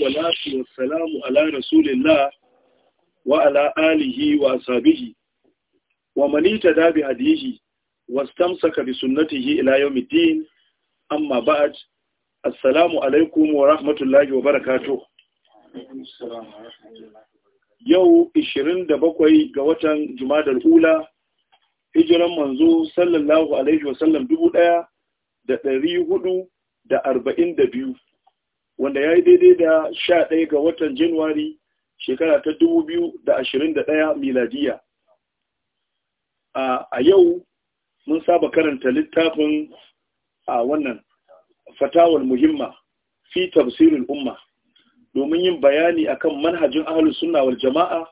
salatu wa salamu ala rasulillah wa ala alihi wa sabihi wa manita da bi hadihi wa stamsaka bi sunnatihi ila yawmi din amma ba'd assalamu alaikum wa rahmatullahi wa barakatuh yau 27 ga watan Jumadar ula hijiran manzo sallallahu alaihi wa sallam dubu da 1442 wanda ya yi daidai da sha ɗaya ga watan Januwari shekara ta dubu biyu da ashirin da ɗaya miladiya. A yau mun saba karanta littafin a wannan fatawar muhimma fi tafsirin umma domin yin bayani akan manhajin ahalus sunna jama'a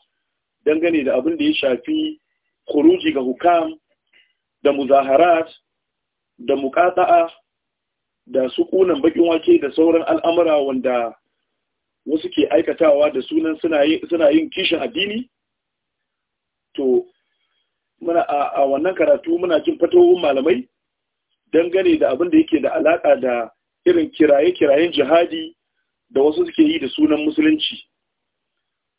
dangane da abin da ya shafi kuruji ga hukam da muzaharat da muqata'a da su kunan bakin wake da sauran al'amura wanda wasu ke aikatawa da sunan suna yin kishin addini to muna a wannan karatu muna jin fatohun malamai dangane da abin da yake da alaka da irin kiraye-kirayen jihadi da wasu suke yi da sunan musulunci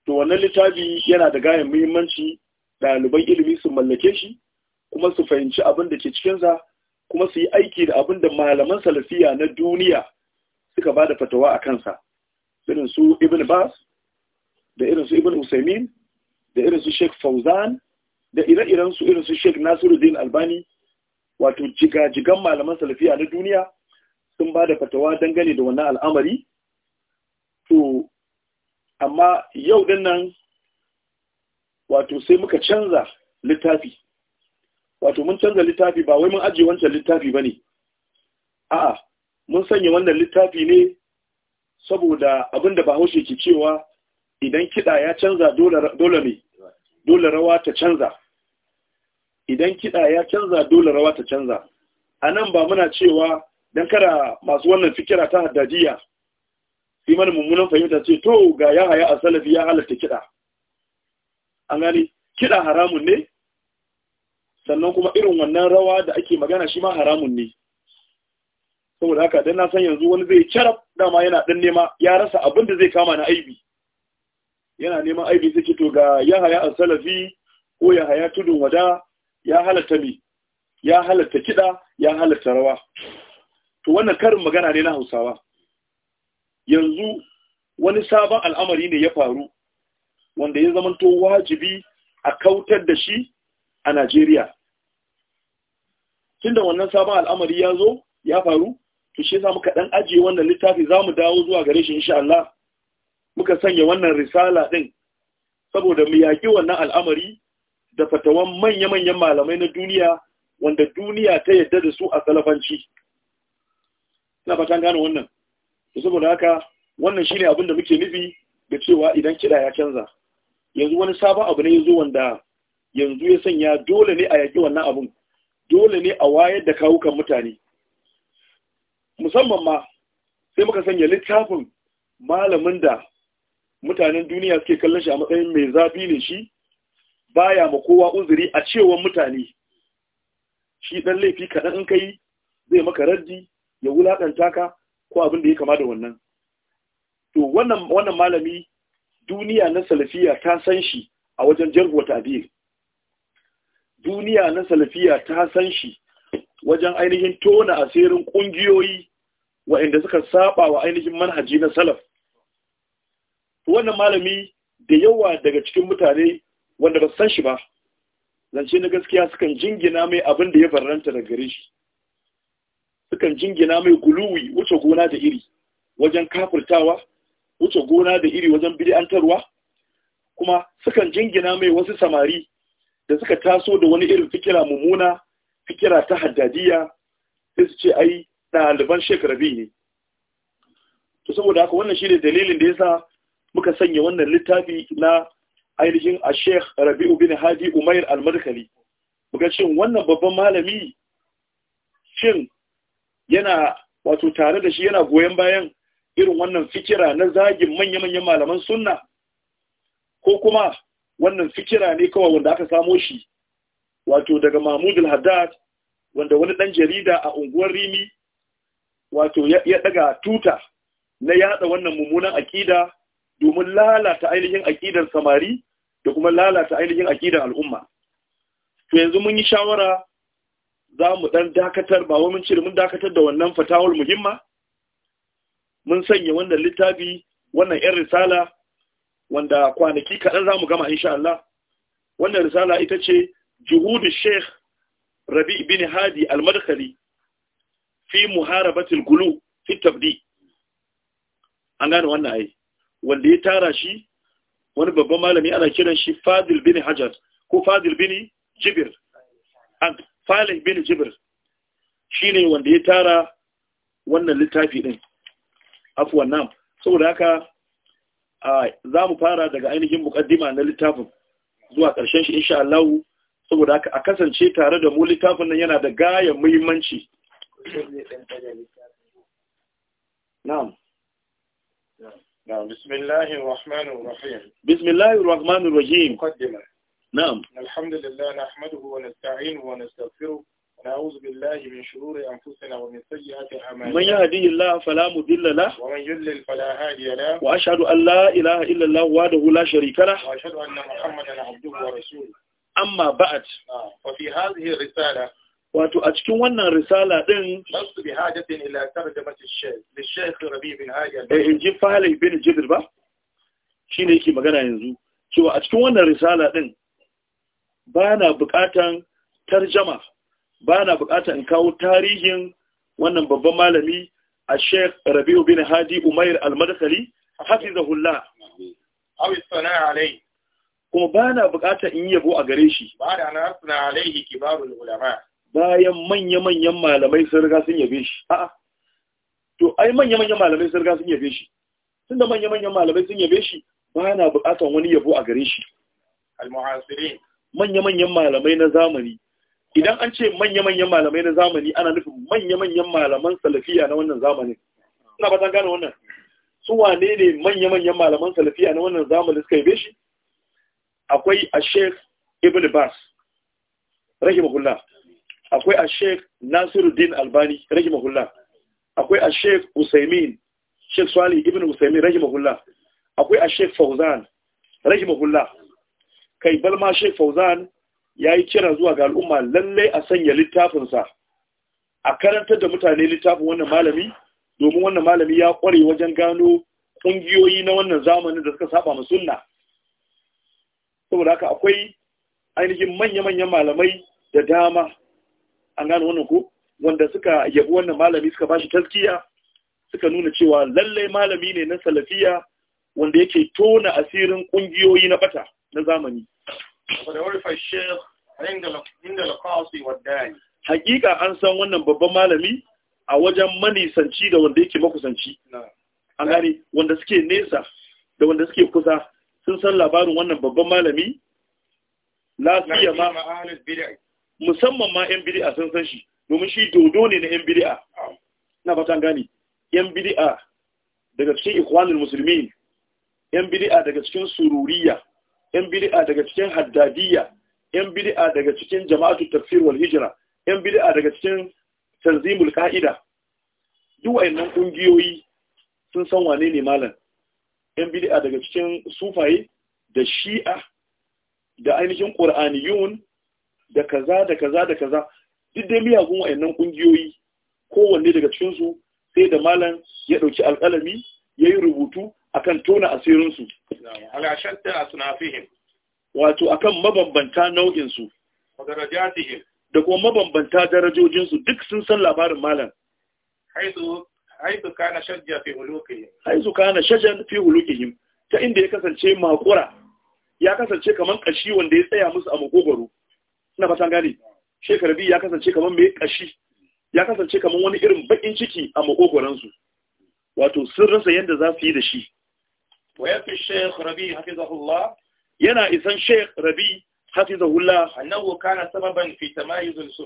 to wannan littafi yana da gayan muhimmanci ɗaliban ilimi su mallake shi kuma su fahimci abin da ke cikinsa kuma su yi aiki da abin da malaman salafiya na duniya suka ba da fatawa a kansa irin su ibn bas da irin su ibn usaimin da irin su sheik fauzan da ire-iren su irin su sheik nasiruddin albani wato jigajigan malaman salafiya na duniya sun ba da fatawa dangane da wannan al'amari to amma yau din wato sai muka canza littafi wato mun canza littafi ba wai mun ajiye wancan littafi ba ne a'a mun sanya wannan littafi ne saboda abinda da bahaushe ke cewa idan kiɗa ya canza dole ne dole rawa ta canza idan kiɗa ya canza dole rawa ta canza a nan ba muna cewa don kada masu wannan fikira ta haddadiya sai mana mummunan fahimta ce to ga ya haya a salafi ya halatta kiɗa an gani kiɗa haramun ne sannan kuma irin wannan rawa da ake magana shi ma haramun ne saboda haka dan na san yanzu wani zai carab dama yana dan nema ya rasa abin da zai kama na aibi yana neman aibi sai to ga Yahaya al-Salafi ko Yahaya tudun wada ya halatta mi ya halatta kida ya halatta rawa to wannan karin magana ne na Hausawa yanzu wani sabon al'amari ne ya faru wanda ya zamanto wajibi a kautar da shi a Najeriya tunda wannan sabon al'amari ya zo ya faru to shi yasa muka dan ajiye wannan littafi mu dawo zuwa gare shi insha Allah muka sanya wannan risala din saboda mu yaki wannan al'amari da fatawan manya-manyan malamai na duniya wanda duniya ta yadda da su a salafanci ina fatan gane wannan saboda haka wannan shine abin da muke nufi da cewa idan kiɗa ya canza yanzu wani sabon abu ne ya zo wanda yanzu ya sanya dole ne a yaki wannan abun dole ne a wayar da kawukan mutane musamman ma sai muka sanya littafin malamin da mutanen duniya suke kallon shi a matsayin mai zafi ne shi baya ma kowa uzuri a cewan mutane shi dan laifi kaɗan in kai zai maka raddi ya wulaƙanta ka ko abin da ya kama da wannan to wannan malami duniya na salafiya ta san shi a wajen jarhu ta biyu duniya na salafiya ta san shi wajen ainihin tona asirin ƙungiyoyi wa'inda suka saba wa ainihin manhaji na salaf wannan malami da yawa daga cikin mutane wanda ba san shi ba zance na gaskiya sukan jingina mai abin da ya faranta da gare shi sukan jingina mai guluwi wuce gona da iri wajen kafirtawa wuce gona da iri wajen bid'antarwa kuma sukan jingina mai wasu samari da suka taso da wani irin fikira mummuna fikira ta haddadiya sai su ce ai ɗaliban shekarabi ne to saboda haka wannan shine dalilin da yasa muka sanya wannan littafi na ainihin a sheikh rabi'u bin hadi umair al-madkhali muka shin wannan babban malami shin yana wato tare da shi yana goyon bayan irin wannan fikira na zagin manya-manyan malaman sunna ko kuma wannan fikira ne kawai wanda aka samo shi wato daga al haddad wanda wani dan jarida a unguwar rimi wato ya daga tuta na yada wannan mummunan akida domin lalata ainihin akidar samari da kuma lalata ainihin akidar al'umma to yanzu mun yi shawara za mu dan dakatar ba wai mun cire mun dakatar da wannan fatawar muhimma mun sanya wannan littafi wannan 'yar risala wanda kwanaki kaɗan za mu gama insha Allah wannan risala ita ce juhudu sheikh rabi bin hadi al-madkhali fi muharabatil gulu fi tabdi an gane wannan ai wanda ya tara shi wani babban malami ana kiran shi fadil bin hajar ko fadil bin jibir an falih bin jibir shine wanda ya tara wannan littafi ɗin, afwan saboda haka za mu fara daga ainihin mukaddima na littafin zuwa ƙarshen shi insha Allah saboda haka a kasance tare da mu littafin nan yana da gayan muhimmanci na'am بسم الله الرحمن الرحيم بسم الله الرحمن الرحيم مقدمة نعم الحمد لله نحمده ونستعينه ونستغفره ونعوذ بالله من شرور أنفسنا ومن سيئات أعمالنا من يهدي الله فلا مضل له ومن يضلل فلا هادي له لا الله وحده لا شريك له محمدا عبده ورسوله بعد ففي هذه wato a cikin wannan risala din nasu bi hajatin ila tarjamati shaykh li shaykh rabi bin bin jibr ba shine yake magana yanzu cewa a cikin wannan risala din ba na bukatan tarjama ba na bukata in kawo tarihin wannan babban malami a sheikh rabi'u bin hadi umair al madakali hafizahullah aw isana kuma ba na bukata in yabo a gare shi ba da bayan manya-manyan malamai sun riga sun yabe shi a'a to ai manya-manyan malamai sun riga sun yabe shi tunda manya-manyan malamai sun yabe shi ba na bukatan wani yabo a gare shi al-muhasirin manya-manyan malamai na zamani idan an ce manya-manyan malamai na zamani ana nufin manya-manyan malaman salafiya na wannan zamanin suna ba zan gane wannan su wane ne manya-manyan malaman salafiya na wannan zamanin suka yabe shi akwai a sheikh ibn bas rahimahullah akwai a sheikh nasiruddin albani rahimahullah akwai a sheikh usaimin sheikh swali ibn usaimin rahimahullah akwai a sheikh fauzan rahimahullah kai balma sheikh fauzan ya yi kira zuwa ga al'umma lallai a sanya littafinsa a karantar da mutane littafin wannan malami domin wannan malami ya kware wajen gano ƙungiyoyi na wannan zamanin da suka saba mu sunna saboda haka akwai ainihin manya-manyan malamai da dama an gano wannan ko wanda suka yabi wannan malami suka bashi taskiya suka nuna cewa lallai malami ne na salafiya wanda yake tona asirin ƙungiyoyi na bata na zamani Hakika an san wannan babban malami a wajen manisanci da wanda yake makusanci. An gane wanda suke nesa da wanda suke kusa sun san labarin wannan babban malami lafiya ma musamman ma 'yan bidi’a sun san shi domin shi dodo ne na 'yan bidi’a. Ah. Na fatan gane, 'yan bidi’a daga cikin ikwanin musulmi, 'yan bidi’a daga cikin sururiya. yan bid'a daga cikin haddadiyya yan bid'a daga cikin jama'atu tafsir wal hijra yan bid'a daga cikin tanzimul qa'ida duk wayannan kungiyoyi sun san wane ne malam yan bid'a daga cikin sufaye da shi'a da ainihin qur'aniyun da kaza da kaza da kaza duk dai miyagun wayannan ƙungiyoyi, kowanne daga cikinsu sai da malam ya dauki alƙalami yi rubutu akan tona asirinsu. su ala shatta asnafihim wato akan mabambanta nau'in su darajatihim da kuma mabambanta darajojin su duk sun san labarin malam haizu haizu kana shajja fi hulukihim haizu kana shajjan fi hulukihim ta inda ya kasance makura ya kasance kaman kashi wanda ya tsaya musu a makogoro ina fatan gane shekarbi ya kasance kaman mai kashi ya kasance kaman wani irin bakin ciki a makogoransu wato sun rasa yadda za su yi da shi wa yafi yana isan shaykh rabi hafizahullah annahu kana sababan fi tamayiz as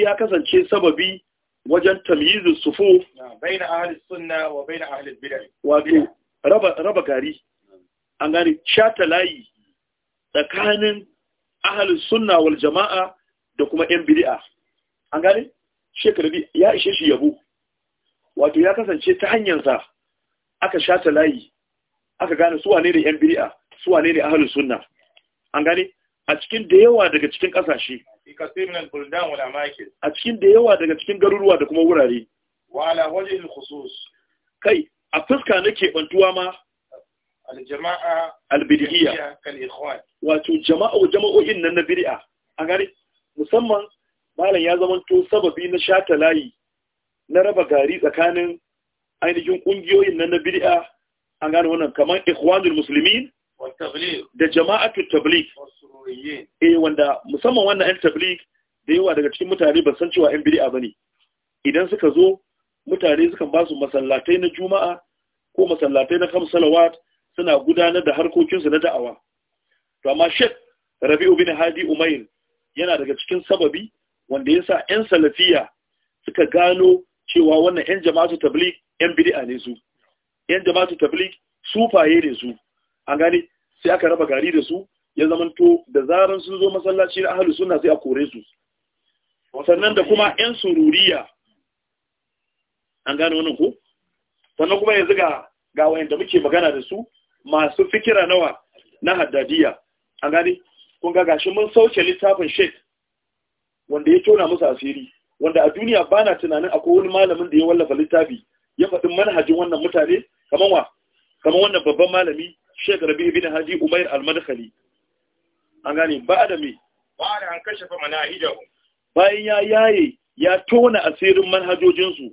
ya kasance sababi wajen tamyiz as wato raba gari an gane shata layi tsakanin ahli sunna jama'a da kuma yan bid'a ya wato ya kasance ta hanyar sa aka shata layi aka gane su wane ne yan biri'a su wane ne ahalin sunna an gane a cikin da yawa daga cikin kasashe a cikin da yawa daga cikin garuruwa da kuma wurare kai a fuska na keɓantuwa ma aljama'a albidiyya wato jama'a jama'o'in nan na biri'a a gari musamman malam ya zamanto sababi na shata layi na raba gari tsakanin ainihin kungiyoyin nan na biri'a an gano wannan kamar ikhwanul muslimin da jama'atul tabligh eh wanda musamman wannan ɗan tabligh da yawa daga cikin mutane ba san cewa ɗan bid'a bane idan suka zo mutane suka ba su masallatai na juma'a ko masallatai na kam salawat suna gudanar da harkokin su na da'awa to amma shek rabi'u bin hadi umayl yana daga cikin sababi wanda yasa 'yan salafiya suka gano cewa wannan 'yan jama'atul tabligh 'yan bid'a ne su yan jama'atu tabligh faye ne su an gane sai aka raba gari da su ya zamanto da zaran sun zo masallaci na ahlus sunna sai a kore su sannan da kuma yan sururiya an gane wannan ko sannan kuma yanzu ga ga wayanda muke magana da su masu fikira nawa na haddadiya an gane kun ga gashi mun sauke littafin sheikh wanda ya tona musu asiri wanda a duniya bana tunanin akwai wani malamin da ya wallafa littafi ya faɗi manhajin wannan mutane kamar wa kamar wannan babban malami Sheikh Rabi ibn Hadi Umair al-Madkhali an gane ba da me ba da an kashafa manahijahu bayan ya yaye ya tona asirin manhajojin su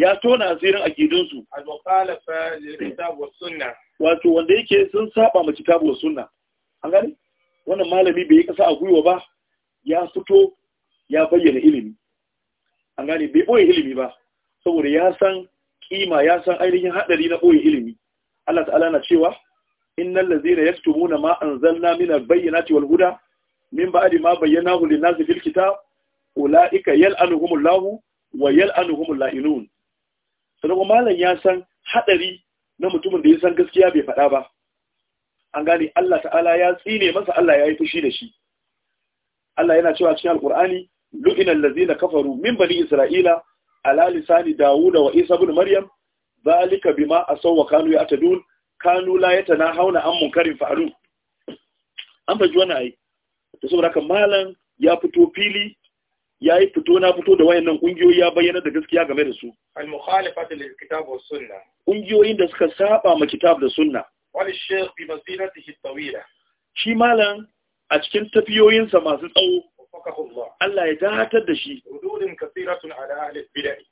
ya tona asirin aqidun su al-mukhalafa kitab was sunna wato wanda yake sun saba ma kitabu wa sunna an gane wannan malami bai kasa a gwiwa ba ya fito ya bayyana ilimi an gane bai boye ilimi ba saboda ya san kima ya san ainihin hadari na boye ilimi Allah ta'ala na cewa innal ladzina yaktumuna ma anzalna min al-bayyinati wal huda min ba'di ma bayyanahu lin-nasi fil kitab ulaika yal'anuhumullahu wa yal'anuhumul la'inun sannan malam ya san hadari na mutumin da ya san gaskiya bai faɗa ba an gane Allah ta'ala ya tsine masa Allah ya yi fushi da shi Allah yana cewa cikin alkur'ani lu'inal ladzina kafaru min bani isra'ila ala lisani dawuda wa isa ibn maryam zalika bima asaw wa kanu ya'tadun kanu la hauna an munkarin fa'alu an faji wannan ai to saboda haka malam ya fito fili ya yi fito na fito da wayannan kungiyoyi ya bayyana da gaskiya game da su al mukhalafatu lil kitab was sunna kungiyoyin da suka saba ma kitab da sunna wal shaykh bi masiratihi tawila shi malam a cikin tafiyoyinsa masu tsawo Allah ya datar da shi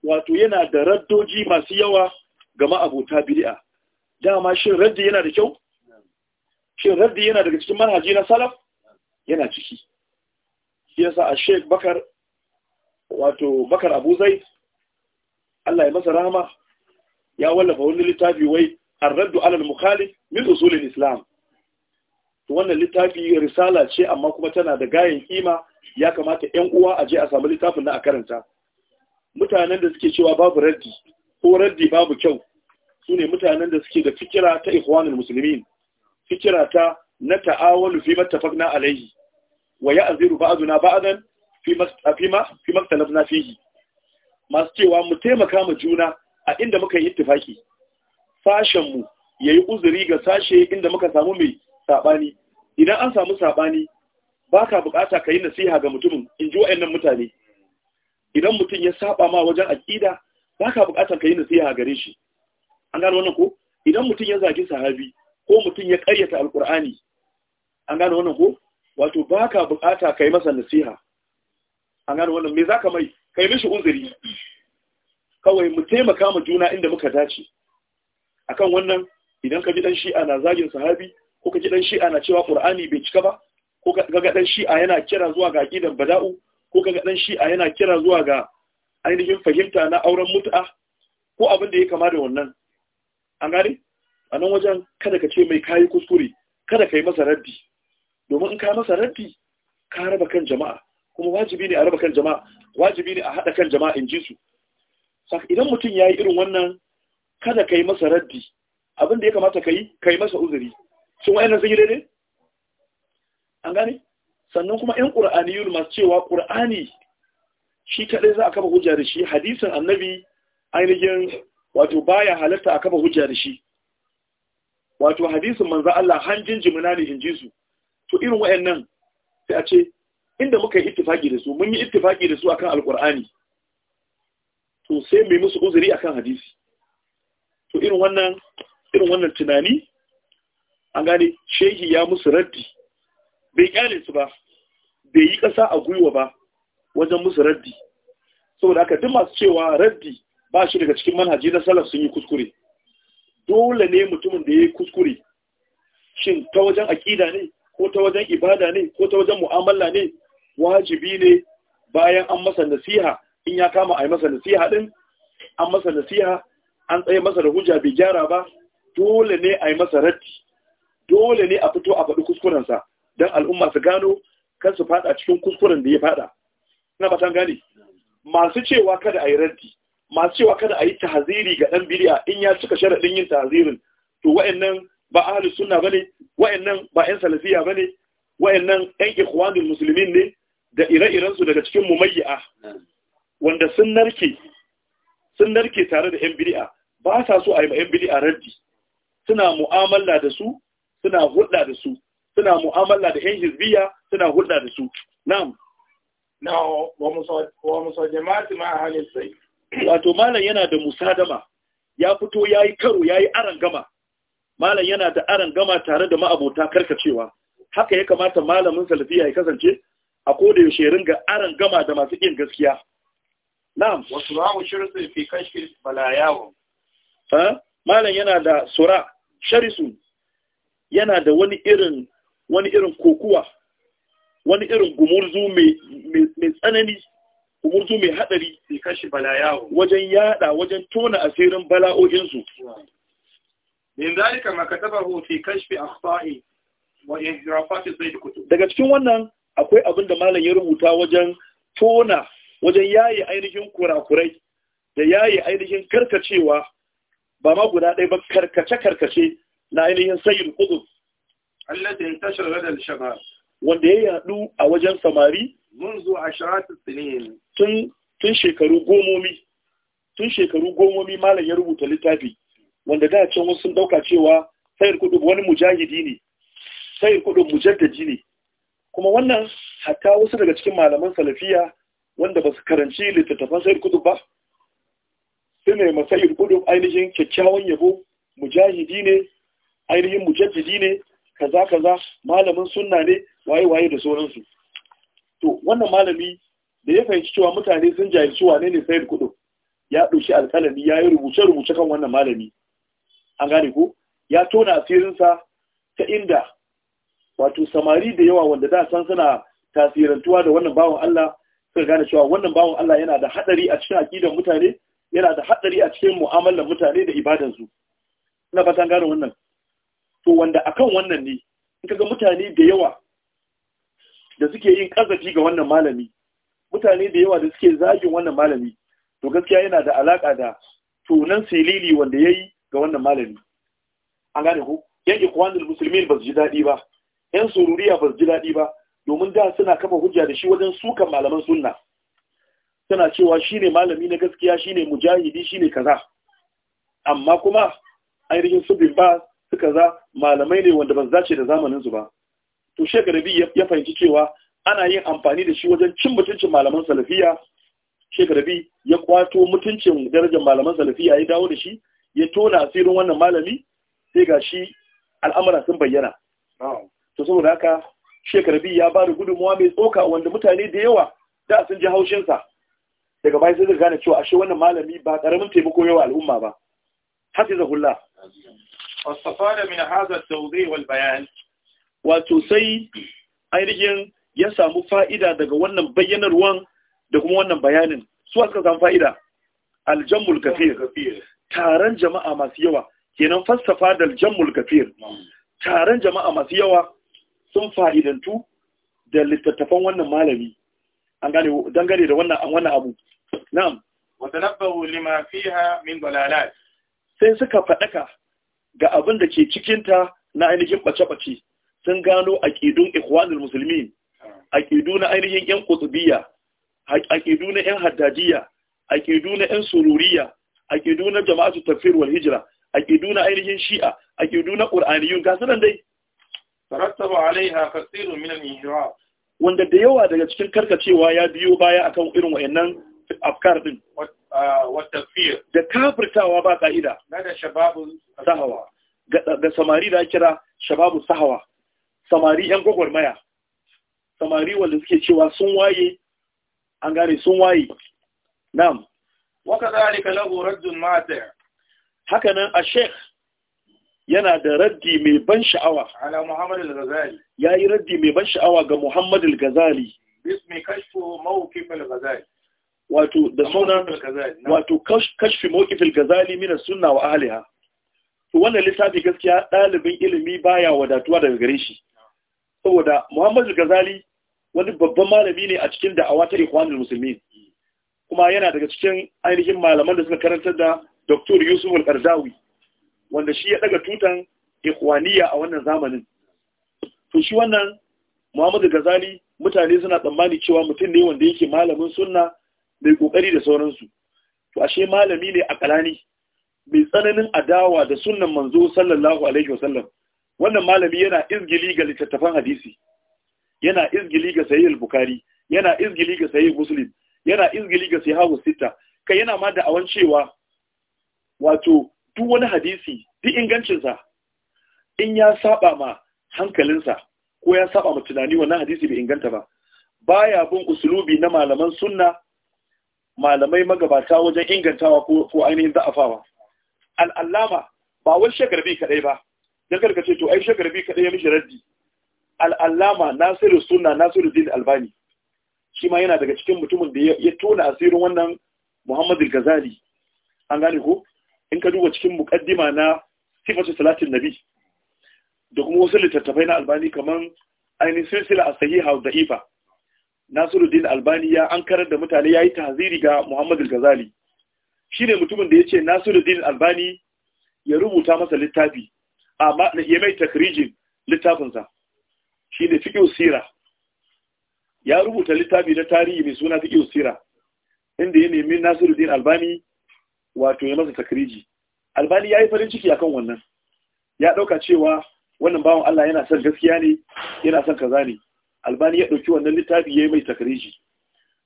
wato yana da raddoji masu yawa ga ma'abota bili'a. dama shin raddi yana da kyau shin raddi yana daga cikin manhaji na salaf yana ciki yasa a Sheikh Bakar wato Bakar Abu Zaid Allah ya masa rahama ya wallafa wani littafi wai an raddu alal al min usul islam wannan littafi risala ce amma kuma tana da gayen kima ya kamata 'yan uwa a je a samu littafin na a karanta mutanen da suke cewa babu raddi ko raddi babu kyau su ne mutanen da suke da fikira ta ikhwanul muslimin fikira ta na ta'awalu fi mattafaqna alayhi wa ya'ziru ba'duna ba'dan fi mastafima fi maktalafna fihi masu cewa mu taimaka ma juna a inda muka yi ittifaki sashen mu yayi uzuri ga sashe inda muka samu mai sabani idan an samu sabani ba ka bukata ka yi nasiha ga mutumin in ji wa'annan mutane idan mutum ya saba ma wajen aƙida ba ka bukatar ka yi nasiha gare shi an gano wannan ko idan mutum ya zagi sahabi ko mutum ya ƙaryata alƙur'ani an gano wannan ko wato ba ka bukata ka yi masa nasiha an gano wannan me za ka mai ka yi mishi uzuri kawai mu taimaka ma juna inda muka dace akan wannan idan ka ji dan shi'a na zagin sahabi ko ka ji dan shi'a na cewa qur'ani bai cika ba ko ga dan shi'a yana kira zuwa ga aqidan bada'u ko ga dan shi'a yana kira zuwa ga ainihin fahimta na auren mut'a ko abin da ya kama da wannan an gane a nan wajen kada ka ce mai kayi kuskure kada ka yi masa rabbi, domin in ka masa rabbi ka raba kan jama'a kuma wajibi ne a raba kan jama'a wajibi ne a haɗa kan jama'a in ji su idan mutum ya yi irin wannan kada ka yi masa rabbi, abin da ya kamata ka yi ka yi masa uzuri sun wa'annan sun yi daidai an gane sannan kuma yan yul masu cewa qur'ani shi kaɗai za a kafa hujja da shi hadisin annabi ainihin wato baya halatta a kafa hujja da shi wato hadisin manzo Allah hanjin jimina ne inji su to irin wayannan sai a ce inda muka yi ittifaki da su mun yi ittifaki da su akan alqur'ani to sai mai musu uzuri akan hadisi to irin wannan irin wannan tunani an gane shehi ya musu raddi bai kyale su ba bai yi ƙasa a gwiwa ba wajen musu raddi saboda aka duk masu cewa raddi ba shi daga cikin manhaji na salaf sun yi kuskure dole ne mutumin da ya yi kuskure shin ta wajen aƙida ne ko ta wajen ibada ne ko ta wajen mu'amala ne wajibi ne bayan an masa nasiha in ya kama a yi masa nasiha din an masa nasiha an tsaye masa da hujja bai gyara ba dole ne a yi masa raddi dole ne a fito a faɗi kuskurensa don al'umma su gano kan su fada cikin kuskuren da ya fada ina ba san gane masu cewa kada ayi yi raddi masu cewa kada a yi tahaziri ga ɗan bid'a in ya cika sharadin yin tahazirin to wa'annan ba ahlus sunna bane wa'annan ba yan salafiya bane wa'annan yan ikhwanul muslimin ne da ire-iren su daga cikin mumayya wanda sun narke sun narke tare da yan bid'a ba sa so a yi yan bid'a raddi suna mu'amala da su suna hulɗa da su suna mu'amala da yan hizbiya suna hulɗa da su na'am na wa jama'atu ma halin sai wato malam yana da musadama ya fito yayi karo yayi arangama malam yana da arangama tare da ma'abota karkacewa haka ya kamata malamin salafiya ya kasance a koda yaushe ringa arangama da masu kin gaskiya na'am wa surahu shirsu fi kashfil balayawo ha malam yana da sura sharisu yana da wani irin wani irin kokuwa wani irin gumurzu mai tsanani gumurzu mai hadari wajen yada wajen tona asirin bala'o'insu min zalika ma katabahu fi kashfi akhta'i wa inhirafati sayyid kutub daga cikin wannan akwai abin da malam ya rubuta wajen tona wajen yayi ainihin kurakurai da yayi ainihin karkacewa ba ma guda ɗaya ba karkace karkace na ainihin sayyid kutub allati intashara ladal shabab wanda ya yadu a wajen samari منذ عشرات السنين tun tun shekaru gomomi tun shekaru gomomi malam ya rubuta littafi wanda da can wasu sun dauka cewa sayar kudu wani mujahidi ne sayar kudu mujaddadi ne kuma wannan hatta wasu daga cikin malaman salafiya wanda ba su karanci littattafan sayar kudu ba sai ne sayar kudu ainihin kyakkyawan yabo mujahidi ne ainihin mujaddidi ne kaza kaza malamin sunna ne waye waye da sauransu to wannan malami da ya fahimci cewa mutane sun jahilci wane ne sayar kudu ya ɗauki alƙalami ya yi rubuce rubuce kan wannan malami an gane ko ya tona asirinsa ta inda wato samari da yawa wanda da san suna tasirantuwa da wannan bawan Allah suka gane cewa wannan bawan Allah yana da hadari a cikin aqidar mutane yana da hadari a cikin mu'amalar mutane da ibadansu ina fatan gane wannan to wanda akan wannan ne in kaga mutane da yawa da suke yin kazafi ga wannan malami mutane da yawa da suke zagin wannan malami to gaskiya yana da alaka da tunan silili wanda yayi ga wannan malami an gane ko yan ikwanul muslimin ba su ji daɗi ba yan sururiya ba su ji daɗi ba domin da suna kafa hujja da shi wajen sukan malaman sunna suna cewa shine malami na gaskiya shine mujahidi shine kaza amma kuma ainihin su bin ba Suka za malamai ne wanda ba su dace da zamanin su ba to shekarabi ya fahimci cewa ana yin amfani da shi wajen cin mutuncin malaman salafiya shekarabi ya kwato mutuncin darajar malaman salafiya ya dawo da shi ya tona asirin wannan malami sai ga shi al'amura sun bayyana to saboda haka shekarabi ya ba da gudunmawa mai tsoka wanda mutane da yawa da sun ji haushinsa daga bayan sai gane cewa ashe wannan malami ba karamin taimako yawa al'umma ba zahulla استفاد من هذا التوضيح والبيان سي ainihin ya samu fa'ida daga wannan bayyanarwan da kuma wannan bayanin su aka san fa'ida Aljamul, kafir taron jama'a masu yawa kenan fassafa da aljamul, kafir taron jama'a masu yawa sun fa'idantu da littattafan wannan malami an gane dangane da wannan abu na'am wa nabbahu lima fiha min dalalat sai suka faɗaka ga abin da ke cikinta na ainihin ɓace-ɓace sun gano aƙidun ikhwanul a aƙidu na ainihin ƴan a aƙidu na ƴan a aƙidu na ƴan sururiya aƙidu na jama'atu tafsir wal hijra aƙidu na ainihin shi'a aƙidu na qur'aniyun ga sanan dai tarattaba alaiha katsirun min al-inhiraf wanda da yawa daga cikin karkacewa ya biyo baya akan irin wayannan afkar din da kafirtawa ba ka'ida sahawa ga samari da kira shababu sahawa samari yan gwagwarmaya samari wanda suke cewa sun waye an gane sun waye nam waka za a rika lagu raddun mata haka nan a sheikh yana da raddi mai ban sha'awa ala Muhammadu al-ghazali yi raddi mai ban sha'awa ga Muhammadu al-ghazali bismi kashfu mawqif al-ghazali wato da sunan wato kashfi mawqifil gazali min as-sunna wa ahliha to wannan lissafi gaskiya ɗalibin ilimi baya wadatuwa daga gare shi saboda Muhammad Gazali wani babban malami ne a cikin da'awa ta Ikhwanul Muslimin kuma yana daga cikin ainihin malaman da suka karantar da Dr. Yusuf Al-Qardawi wanda shi ya daga tutan Ikhwaniya a wannan zamanin to shi wannan Muhammad Gazali mutane suna tsammani cewa mutum ne wanda yake malamin sunna mai kokari da sauransu to ashe malami ne a kalani mai tsananin adawa da sunnan manzo sallallahu alaihi wasallam wannan malami yana izgili ga littattafan hadisi yana izgili ga sahih al-bukhari yana izgili ga sahih muslim yana izgili ga sahih sita kai yana ma da awan cewa wato duk wani hadisi duk ingancinsa in ya saba ma hankalinsa ko ya saba ma tunani wannan hadisi bai inganta ba baya bin usulubi na malaman sunna malamai magabata wajen ingantawa ko ainihin za'afawa al'allama ba wani shagarbi kaɗai ba don karka ce to ai shagarbi kaɗai ya mishi raddi al'allama nasiru suna nasiru din albani shi ma yana daga cikin mutumin da ya tona asirin wannan muhammadu gazali an gane ko in ka duba cikin mukaddima na sifatu salatin nabi da kuma wasu littattafai na albani kamar ainihin silsila a sahiha da ifa Nasiruddin Albani ya ankarar da mutane ya yi tahziri ga Muhammadu Ghazali shi ne mutumin da ya ce Nasiruddin Albani ya rubuta masa littafi amma na iya mai takirijin littafinsa shi ne fiƙi usira. ya rubuta littafi na tarihi mai suna fiƙi usira, inda ya nemi Nasiruddin Albani wato ya masa takiriji. Albani ya yi farin ciki akan wannan ya ɗauka cewa wannan bawan Allah yana son gaskiya ne yana son kaza ne albani ya ɗauki wannan littafi ya yi mai takariji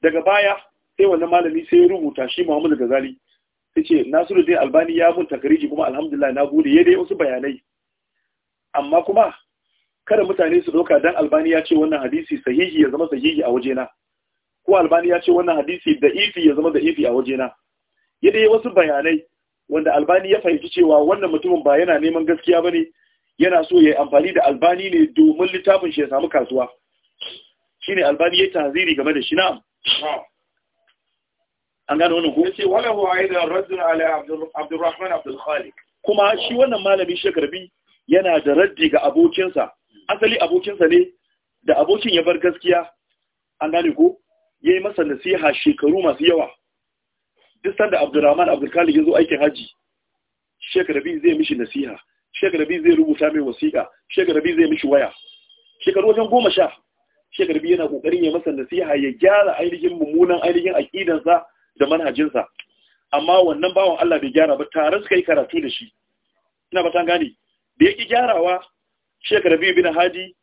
daga baya sai wannan malami sai ya rubuta shi Muhammadu gazali ta ce nasiru dai albani ya mun takariji kuma alhamdulillah na gode ya dai wasu bayanai amma kuma kada mutane su ɗauka dan albani ya ce wannan hadisi sahihi ya zama sahihi a wajena ko albani ya ce wannan hadisi da ifi ya zama da ifi a wajena ya dai wasu bayanai wanda albani ya fahimci cewa wannan mutumin ba yana neman gaskiya ba ne yana so ya yi amfani da albani ne domin littafin shi ya samu kasuwa shine albani yayi tahziri game da shi na'am an gano wannan hukunci sai wala huwa aidan raddun ala abdurrahman abdul khaliq kuma shi wannan malami shekarbi yana da raddi ga abokinsa asali abokinsa ne da abokin ya bar gaskiya an gane ko yayi masa nasiha shekaru masu yawa duk sanda abdurrahman abdul khaliq yazo aikin haji shekarbi zai mishi nasiha shekarbi zai rubuta mai wasiƙa shekarbi zai mishi waya shekaru wajen goma sha biyu yana kokarin ya masa nasiha ya gyara ainihin mummunan ainihin aqidansa da manhajinsa amma wannan bawan Allah bai gyara ba tare suka yi karatu da shi ina ba tan gane da yake gyarawa biyu, bin hadi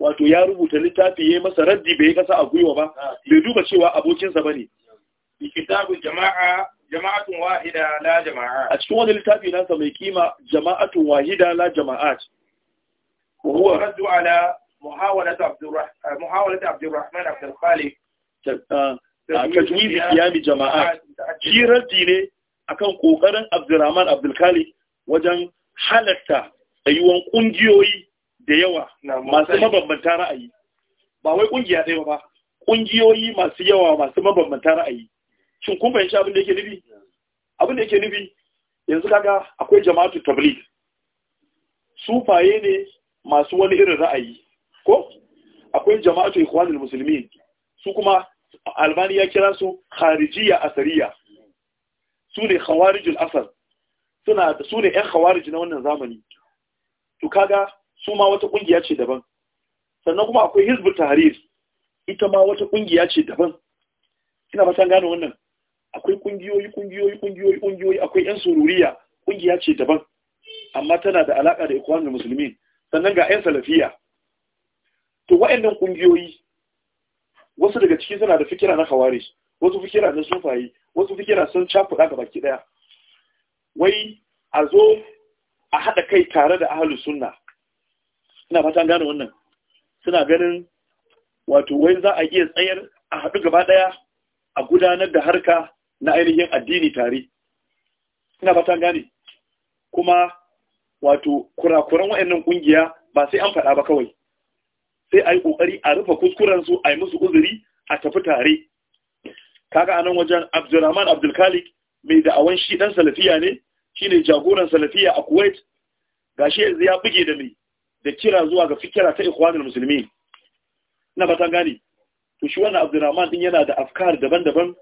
wato ya rubuta littafi yayi masa raddi bai kasa a gwiwa ba bai duba cewa abokinsa bane kitabu jama'a jama'atun wahida la jama'a a cikin wani littafi nasa mai kima jama'atun wahida la jama'at wa huwa raddu ala محاولة عبد الرحمن محاولة عبد الرحمن عبد الخالق تجويز قيام جماعات shi raddi ne akan kokarin Abdulrahman Abdulkali wajen halatta tsayuwan kungiyoyi da yawa masu mabambanta ra'ayi ba wai kungiya ɗaya ba kungiyoyi masu yawa masu mabambanta ra'ayi shin kun fahimci abin da yake nufi abin da yake nufi yanzu kaga akwai jama'atu tabligh sufaye ne masu wani irin ra'ayi ko akwai jama'atu ikhwanul muslimin su kuma albani ya kira su kharijiyya asariya su ne khawarijul asar suna su ne ƴan khawarij na wannan zamani to kaga su ma wata kungiya ce daban sannan kuma akwai hizb tahrir ita ma wata kungiya ce daban ina fatan gane wannan akwai kungiyoyi kungiyoyi kungiyoyi kungiyoyi akwai ƴan sururiya kungiya ce daban amma tana da alaka da ikhwanul muslimin sannan ga ɗan salafiya to wayannan kungiyoyi wasu daga ciki suna da fikira na hawari wasu fikira na sufayi wasu fikira sun cakuɗa ga baki ɗaya wai a zo a haɗa kai tare da ahalus sunna ina fatan gane wannan suna ganin wato wai za a iya tsayar a haɗu gaba ɗaya a gudanar da harka na ainihin addini tare ina fatan gane kuma wato kurakuran waɗannan ƙungiya ba sai an faɗa ba kawai sai a yi ƙoƙari a rufe kuskurensu a yi musu uzuri a tafi tare kaga a nan wajen abdulrahman abdulkalik mai da'awan shi ɗan salafiya ne shine jagoran salafiya a kuwait Ga shi yanzu ya buge da mai da kira zuwa ga fikira ta ikhwanul musulmi na batan gani to shi wannan abdulrahman din yana da afkar daban-daban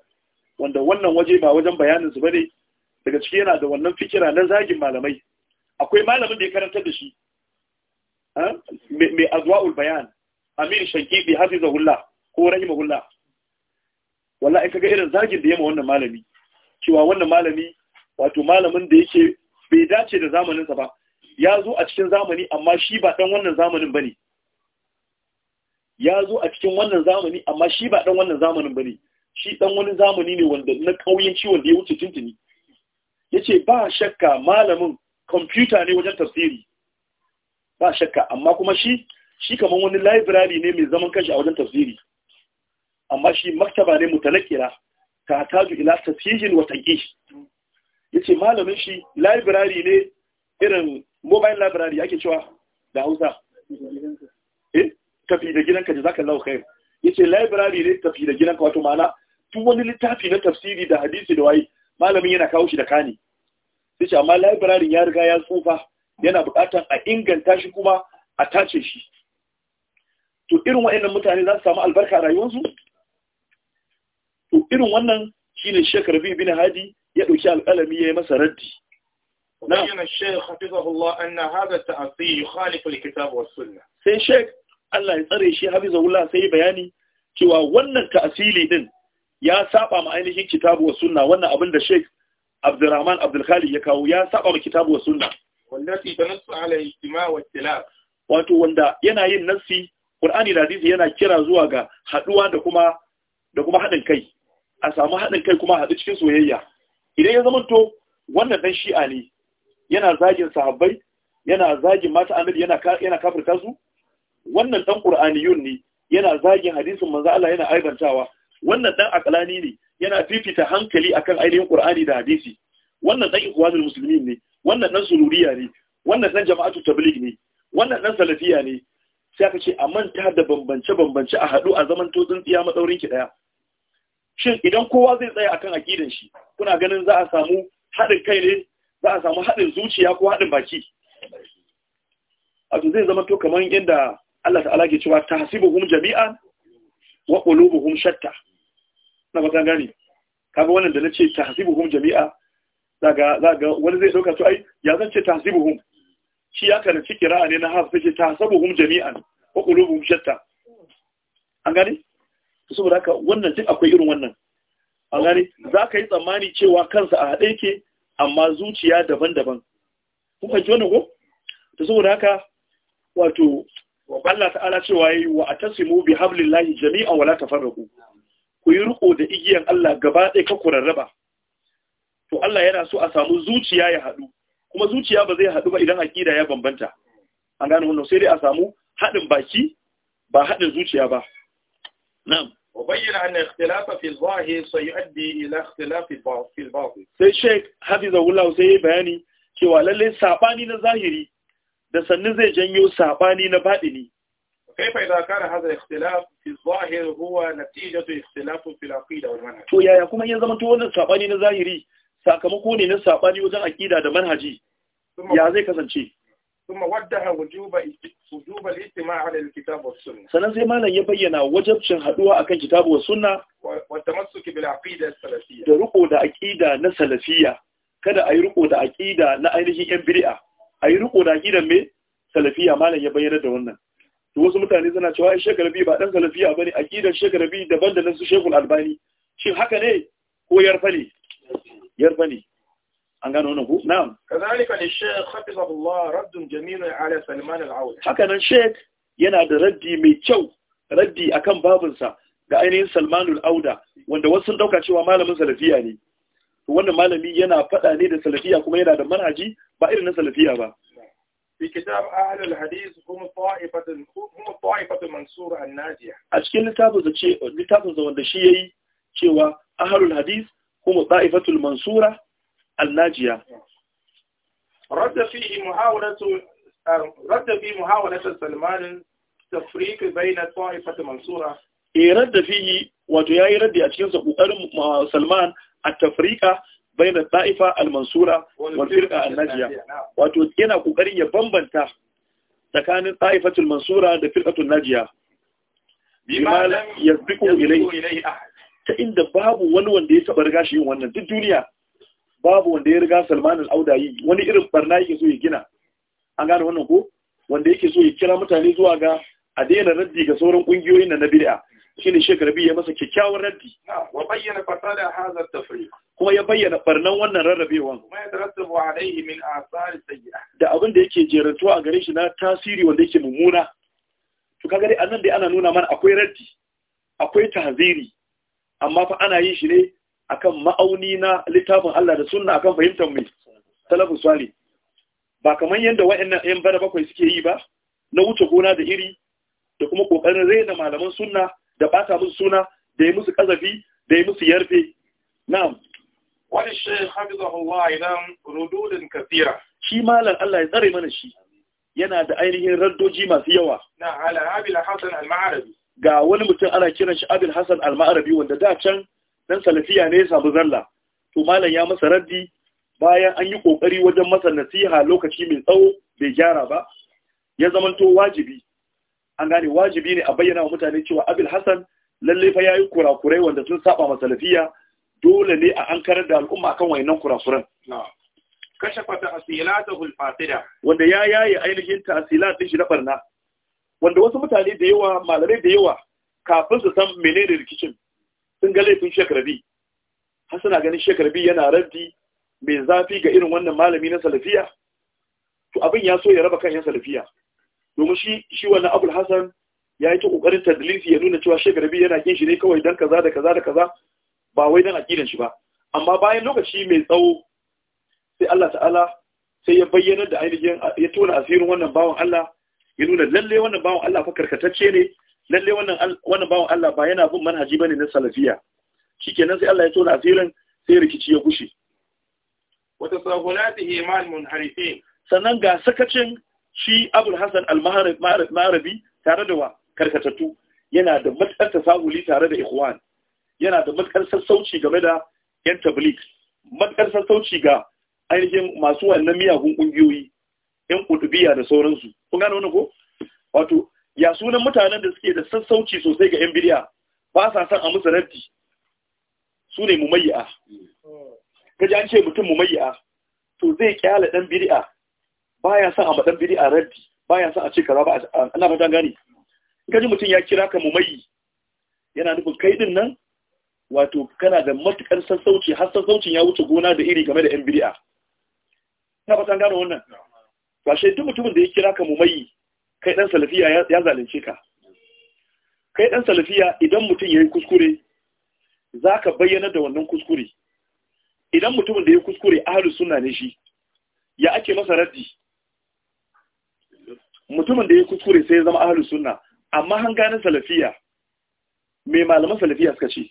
wanda wannan waje ba wajen bayanin su bane daga ciki yana da wannan fikira na zagin malamai akwai malamin da ya karanta da shi ah, mai azwa'ul bayan amir shakibi hafizahullah ko rahimahullah wallahi kaga irin zagin da yema wannan malami cewa wannan malami wato malamin da yake bai dace da zamanin sa ba ya zo a cikin zamani amma shi ba dan wannan zamanin bane ya zo a cikin wannan zamani amma shi ba dan wannan zamanin bane shi dan wani zamani ne wanda na kauyen ciwon da ya wuce tuntuni yace ba shakka malamin kwamfuta ne wajen tafsiri ba shakka amma kuma shi shi kamar wani library ne mai zaman kashi a wajen tafsiri amma shi maktaba ne mutalakira ta hataju ila tafsirin wa tanqih yace malamin shi library ne irin mobile library yake cewa da Hausa eh tafi da gidanka jazakallahu khair yace library ne tafi da gidanka wato ma'ana duk wani littafi na tafsiri da hadisi da waye. malamin yana kawo shi da kani sai ce amma library ya riga ya tsufa yana buƙatar a inganta shi kuma a tace shi to irin waɗannan mutane za su samu albarka a rayuwarsu to irin wannan shi ne Sheikh Rabi bin Hadi ya dauki alƙalami yi masa raddi bayyana Sheikh hafizahullah anna hadha ta'assi yukhalifu al-kitab was sunnah sai Sheikh Allah ya tsare shi hafizahullah sai bayani cewa wannan ta'asili din ya saba ma ainihin kitabu was sunnah wannan abin da Sheikh Abdurrahman Abdul ya kawo ya saba ma kitabu was sunnah wanda ta nasu ala ijtima' wa tilaf wato wanda yana yin nassi Ƙur'ani da hadisi yana kira zuwa ga haduwa da kuma da kuma haɗin kai a samu haɗin kai kuma haɗu cikin soyayya idan ya to, wannan ɗan shi'a ne yana zagin sahabbai yana zagin mata amir yana yana kafirta su wannan dan yun ne yana zagin hadisin manzo Allah yana aibantawa wannan dan aqlani ne yana fifita hankali akan ainihin Ƙur'ani da hadisi wannan dan ikhwanul muslimin ne wannan dan sururiya ne wannan dan jama'atu tabligh ne wannan ɗan salafiya ne sai aka ce a manta da bambance-bambance a haɗu a zaman tozin tsiya matsaurin ki ɗaya shin idan kowa zai tsaya akan akidan shi kuna ganin za a samu haɗin kai ne za a samu haɗin zuciya ko haɗin baki wato zai zama to kamar yadda Allah ta'ala ke cewa tahsibuhum jami'an wa qulubuhum shatta na ba ta gane kaga wannan da nace tahsibuhum jami'a daga ga wani zai dauka to ai ya zance tahsibuhum shi ya karanci kira ne na hafi ce ta sabu jami'an wa qulubuhum shatta an gane saboda haka wannan duk akwai irin wannan an gane ka yi tsammani cewa kansa a haɗe yake amma zuciya daban-daban Kuma fahimci wannan ko to saboda haka wato Allah ta'ala cewa yi wa atasimu bi hablillahi jami'an wala tafarraqu ku yi riko da igiyan Allah gaba ɗaya ka kurarraba to Allah yana so a samu zuciya ya haɗu kuma zuciya ba zai haɗu ba idan aƙida ya bambanta an gane wannan sai dai a samu haɗin baki ba haɗin zuciya ba na'am wa bayyana anna ikhtilafa fi zahir sayu'addi ila ikhtilafi fi batin sai sheikh wallahu sai ya bayani cewa lalle sabani na zahiri da sannu zai janyo sabani na baɗini kaifa idan kana haza ikhtilaf fi zahir huwa natijatu ikhtilaf fi al-aqida wal manhaj to yaya kuma ya zama to wannan sabani na zahiri sakamako ne na sabani wajen aqida da manhaji ya zai kasance kuma waddaha wujuba wujuba al-ijtima' ala al-kitab wa sunnah sanan sai malam ya bayyana wajibcin haduwa akan kitabu wa sunna wa tamassuki bil aqida as-salafiyya da riko da aqida na salafiyya kada ayi riko da aqida na ainihin yan bid'a ayi riko da aqida me salafiyya malam ya bayyana da wannan to wasu mutane suna cewa ai bi ba dan salafiyya bane shekaru bi daban da nan su shekul albani shin haka ne ko yarfa ne biyar bane an gano wannan ku na'am kazalika li shaykh hafizahullah raddun jamil ala salman al-aud haka nan shaykh yana da raddi mai kyau raddi akan babinsa ga ainihin Salmanul al-auda wanda wasu sun dauka cewa malamin salafiya ne to wannan malami yana faɗa ne da salafiya kuma yana da manhaji ba irin na salafiya ba في كتاب أهل الحديث هم طائفة هم طائفة منصورة الناجية. أشكال كتاب زكي كتاب زوندشي شيوا أهل الحديث هم الطائفة المنصورة الناجية رد فيه محاولة آه، رد في محاولة سلمان تفريق بين الطائفة المنصورة يرد إيه، فيه وجاي رد أتشين سقوطان سلمان التفريق بين الطائفة المنصورة والفرقة الناجية وتوتينا كوكري تا تكان الطائفة المنصورة والفرقة الناجية نعم. بما لم يسبقوا إليه أحد ta inda babu wani wanda ya taɓa riga shi yin wannan duk duniya babu wanda ya riga Salman al-Auda yi wani irin barna yake so ya gina an gane wannan ko wanda yake so ya kira mutane zuwa ga a daina raddi ga sauran kungiyoyin na bid'a shine Sheikh Rabi ya masa kyakkyawan raddi wa bayyana fasada hadha tafriq kuma ya bayyana barnan wannan rarrabewan kuma ya tarattabu alaihi min asari sayyi'a da abin da yake jerantu a gare shi na tasiri wanda yake mummuna to kaga dai anan dai ana nuna mana akwai raddi akwai tahziri amma fa ana yin shi ne akan ma'auni na littafin Allah da sunna akan fahimtar mai salafin swali ba kamar yadda wa'annan yan bara bakwai suke yi ba na wuce gona da iri da kuma kokarin raina malaman sunna da bata musu suna da yi musu kazafi da yi musu yarfe na'am wani shi hafizahullah idan rududin kafira shi malam Allah ya tsare mana shi yana da ainihin raddoji masu yawa na ala habil hasan al-ma'arabi ga wani mutum ana kiran shi abin hassan al-ma'arabi wanda da can dan salafiya ne ya samu zalla to malam ya masa raddi bayan an yi kokari wajen masa nasiha lokaci mai tsawo bai gyara ba ya zamanto wajibi an gane wajibi ne a bayyana wa mutane cewa abin hassan lalle fa yayi kurakurai wanda sun saba masa salafiya dole ne a ankarar da al'umma akan wayannan kurakuran kashafa ta'silatahu al-fasida wanda ya yaye ainihin ta'silat din shi na barna wanda wasu mutane da yawa malamai da yawa kafin su san menene rikicin sun ga laifin shekarbi har suna ganin shekarbi yana rabbi mai zafi ga irin wannan malami na salafiya to abin ya so ya raba kan yan salafiya domin shi shi wannan abul hasan ya yi ta kokarin tadlisi ya nuna cewa shekarbi yana kin shi ne kawai dan kaza da kaza da kaza ba wai dan aqidan shi ba amma bayan lokaci mai tsawo sai Allah ta'ala sai ya bayyana da ainihin ya tona asirin wannan bawan Allah ya nuna lalle wannan bawan Allah fa karkatacce ne lalle wannan wannan bawan Allah ba yana bin manhaji bane na salafiya shikenan sai Allah ya tona asirin sai rikici ya gushe wa tasahulatihi mal munharifin sannan ga sakacin shi Abul Hasan al-Marabi tare da wa karkatattu yana da matsar tasahuli tare da ikhwan yana da matsar sassauci game da yan tabligh matsar sassauci ga ainihin masu wannan miyagun kungiyoyi yan kutubiya da sauransu kun gane wani ko wato ya sunan mutanen da suke da sassauci sosai ga yan bidiya ba sa san a musu raddi su ne mumayya kaji an ce mutum mumayya to zai kyala dan ba baya son a madan rabbi, raddi baya son a ce kaza ba ana fata gani kaji mutum ya kira ka mumayyi yana nufin kai din nan wato kana da matukar sassauci har sassaucin ya wuce gona da iri game da yan bid'a na fata gano wannan shi duk mutumin da ya kira ka mumayi kai dan salafiya ya zalunce ka kai dan salafiya idan mutum yayi kuskure zaka bayyana da wannan kuskure idan mutumin da ya kuskure ahli sunna ne shi ya ake masa raddi mutumin da ya kuskure sai ya zama ahli sunna amma hanganin salafiya mai malaman salafiya suka ce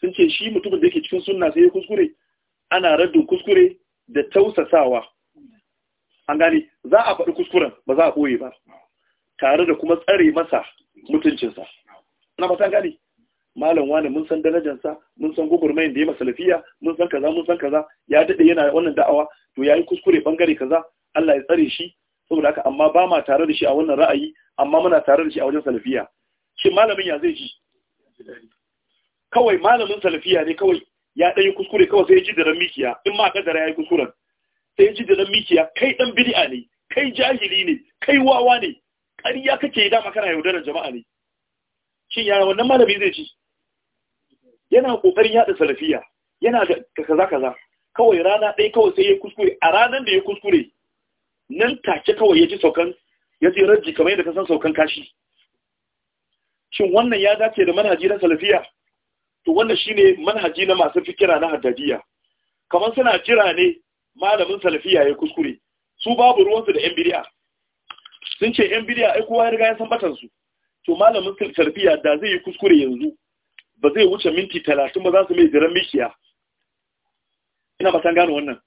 sun ce shi mutumin da yake cikin sunna sai ya kuskure ana raddin kuskure da tausasawa an gane za a faɗi kuskuren ba za a ɓoye ba tare da kuma tsare masa mutuncinsa na ba ta gane malam wani mun san darajarsa mun san gugurmayin da ya lafiya mun san kaza mun san kaza ya daɗe yana wannan da'awa to ya yi kuskure ɓangare kaza Allah ya tsare shi saboda haka amma ba ma tare da shi a wannan ra'ayi amma muna tare da shi a wajen salafiya shi malamin ya zai ji kawai malamin salafiya ne kawai ya ɗanyi kuskure kawai sai ya ji da ran mikiya in ma kadara ya yi kuskuren sai ya ji da mikiya kai dan bid'a ne kai jahili ne kai wawa ne ƙarya kake dama kana yaudarar jama'a ne shin yana wannan malami zai ci yana kokarin yada salafiya yana da kaza kaza kawai rana ɗaya kawai sai ya kuskure a ranar da ya kuskure nan take kawai ya ji saukan ya ji rajji kamar yadda ka san saukan kashi shin wannan ya dace da manhaji na salafiya to wannan shine manhaji na masu fikira na haddadiya kamar suna jira ne malamin salafiya ya kuskure su babu ruwansu da yan bidiya sun ce yan bidiya ai kowa ya riga ya san batan su to malamin salafiya da zai yi kuskure yanzu ba zai wuce minti talatin ba za su mai jiran mikiya ina ba gano wannan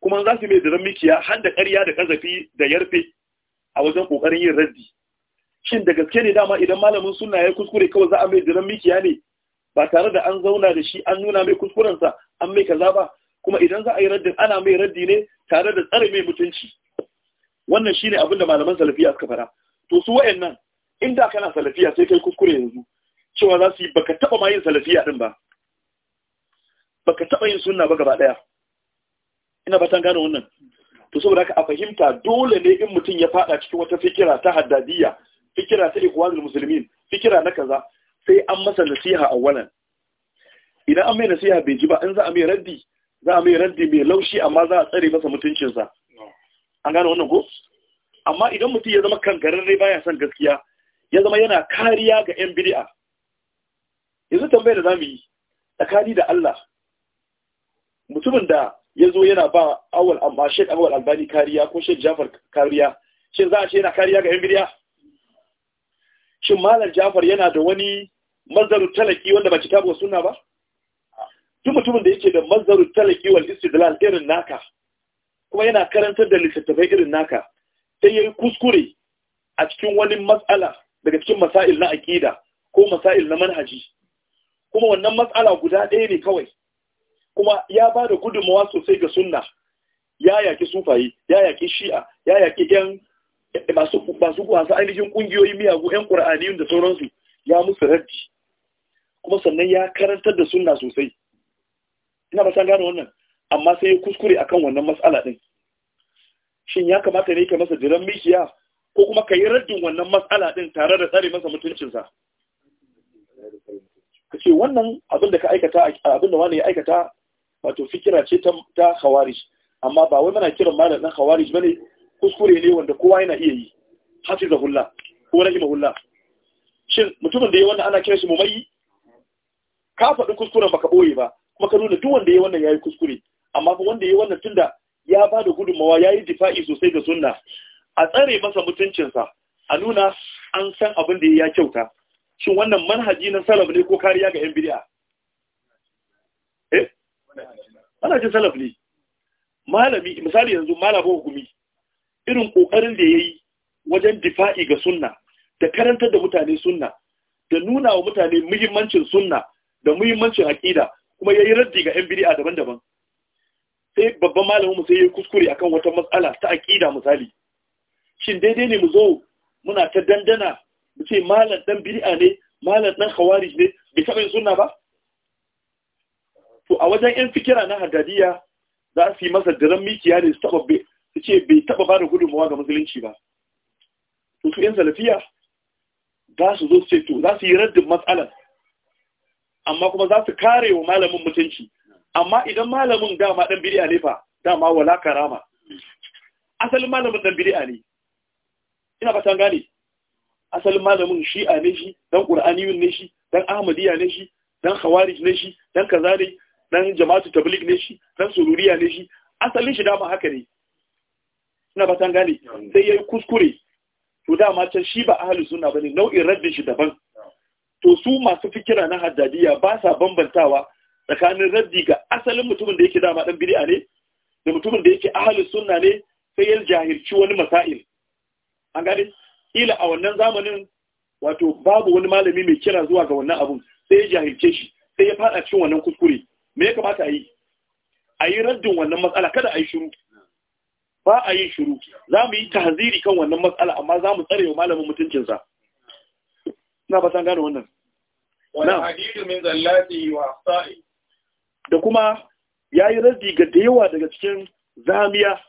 kuma za su mai jiran mikiya har da ƙarya da ƙazafi da yarfe a wajen ƙoƙarin yin raddi shin da gaske ne dama idan malamin suna ya kuskure kawai za a mai jiran mikiya ne ba tare da an zauna da shi an nuna mai kuskurensa an mai kaza ba kuma idan za a yi raddin ana mai raddi ne tare da tsare mai mutunci wannan shine abinda malaman salafiya suka fara to su wayannan inda kana salafiya sai kai kuskure yanzu cewa za su yi baka taba ma yin salafiya din ba baka taba yin sunna ba gaba daya ina fatan gane wannan to saboda haka a fahimta dole ne in mutum ya fada cikin wata fikira ta haddadiya fikira ta ikhwanul muslimin fikira na kaza sai an masa nasiha awwalan idan an mai nasiha bai ji ba in za a mai raddi za a mai raddi mai laushi amma za a tsare masa mutuncinsa an gane wannan ko amma idan mutum ya zama rai baya son gaskiya ya zama yana kariya ga yan bid'a yanzu tambayar da zamu yi tsakani da Allah mutumin da ya zo yana ba awal amma shek awal albani kariya ko shek jafar kariya shin za a ce yana kariya ga yan bid'a shin malam jafar yana da wani mazdaru talaki wanda ba kitabu suna ba duk mutumin da yake da mazaru talaki wal istidlal irin naka kuma yana karantar da littattafai irin naka sai yayi kuskure a cikin wani masala daga cikin masail na aqida ko masail na manhaji kuma wannan matsala guda ɗaya ne kawai kuma ya ba da gudunmawa sosai ga sunna ya yaki sufayi ya yaki shi'a ya yaki yan masu masu ainihin kungiyoyi miyagu yan qur'aniyun da sauransu ya musu raddi kuma sannan ya karantar da sunna sosai ina ba gano wannan amma sai ya kuskure akan wannan matsala din shin ya kamata ne ka masa jiran mishiya ko kuma ka yi raddin wannan matsala din tare da tsare masa mutuncinsa ka ce wannan abin da ka aikata abin da wani ya aikata wato fikira ce ta khawarij amma ba wai muna kiran malam dan khawarij bane kuskure ne wanda kowa yana iya yi hafizahullah ko rahimahullah shin mutumin da ya wannan ana kiran shi mumayyi ka faɗi kuskuren baka ɓoye ba kuma nuna duk wanda ya wannan yayi kuskure amma fa wanda ya wannan tunda ya ba da gudunmawa ya yi difa'i sosai da sunna a tsare masa mutuncinsa a nuna an san abin da ya kyauta shin wannan manhaji na salaf ne ko kariya ga 'yan bidiya eh manhajin salaf ne malami misali yanzu malabo hukumi irin kokarin da ya yi wajen difa'i ga sunna da karantar da mutane sunna da nuna wa mutane muhimmancin sunna da muhimmancin aƙida kuma ya yi raddi ga yan bid'a daban-daban sai babban malamin mu sai yi kuskure a kan wata matsala ta aƙida misali shin daidai ne mu zo muna ta dandana mu ce malam ɗan bid'a ne malam ɗan hawari ne bai taɓa yin suna ba to a wajen yan fikira na hadadiya za su yi masa daren mikiya ne su taɓa su ce bai taɓa ba da gudunmawa ga musulunci ba to su yan salafiya za su zo su ce to za su yi raddin matsalar amma kuma za su kare wa malamin mutunci amma idan malamin dama dan bid'a ne fa dama wala karama asalin malamin dan bid'a ne ina ba gane asalin malamin shi'a ne shi dan qur'aniyun ne shi dan ahmadiyya ne shi dan khawarij ne shi dan kaza ne dan jama'atu tabligh ne shi dan sururiya ne shi asalin shi dama haka ne ina ba tan gane sai yayi kuskure to dama can shi ba ahlus sunna bane nau'in raddin shi daban su su masu fikira na haddadiya ba sa bambantawa tsakanin raddi ga asalin mutumin da yake dama dan bid'a ne da mutumin da yake ahli sunna ne sai ya jahilci wani masail an gane ila a wannan zamanin wato babu wani malami mai kira zuwa ga wannan abun sai ya jahilce shi sai ya fada cikin wannan kuskure me ya kamata a yi a yi raddin wannan matsala kada a yi shiru ba a yi shiru za mu yi tahziri kan wannan matsala amma za mu tsare wa malamin mutuncinsa ina ba san gane wannan da kuma ya yi raddi ga da yawa daga cikin zamiya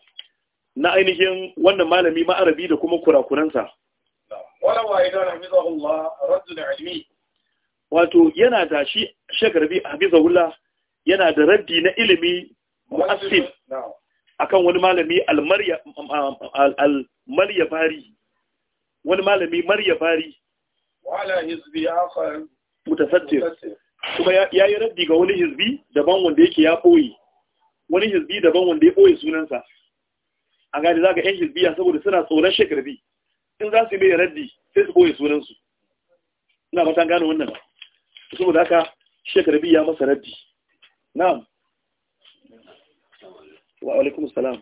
na ainihin wannan malami ma'arabi da kuma kurakuransa wato yana da shi shagarbi hafizahullah yana da raddi na ilimi mu'assim akan wani malami al-maryabari wani malami maryabari wala hizbi mutasaddir kuma ya yi raddi ga wani hizbi daban wanda yake ya ɓoye wani hizbi daban wanda ya ɓoye sunansa a gani za ga yan a saboda suna tsoron shekarbi in za su yi mai raddi sai su ɓoye sunansu ina matan gane wannan saboda haka shekarbi ya masa raddi na'am wa alaikum salam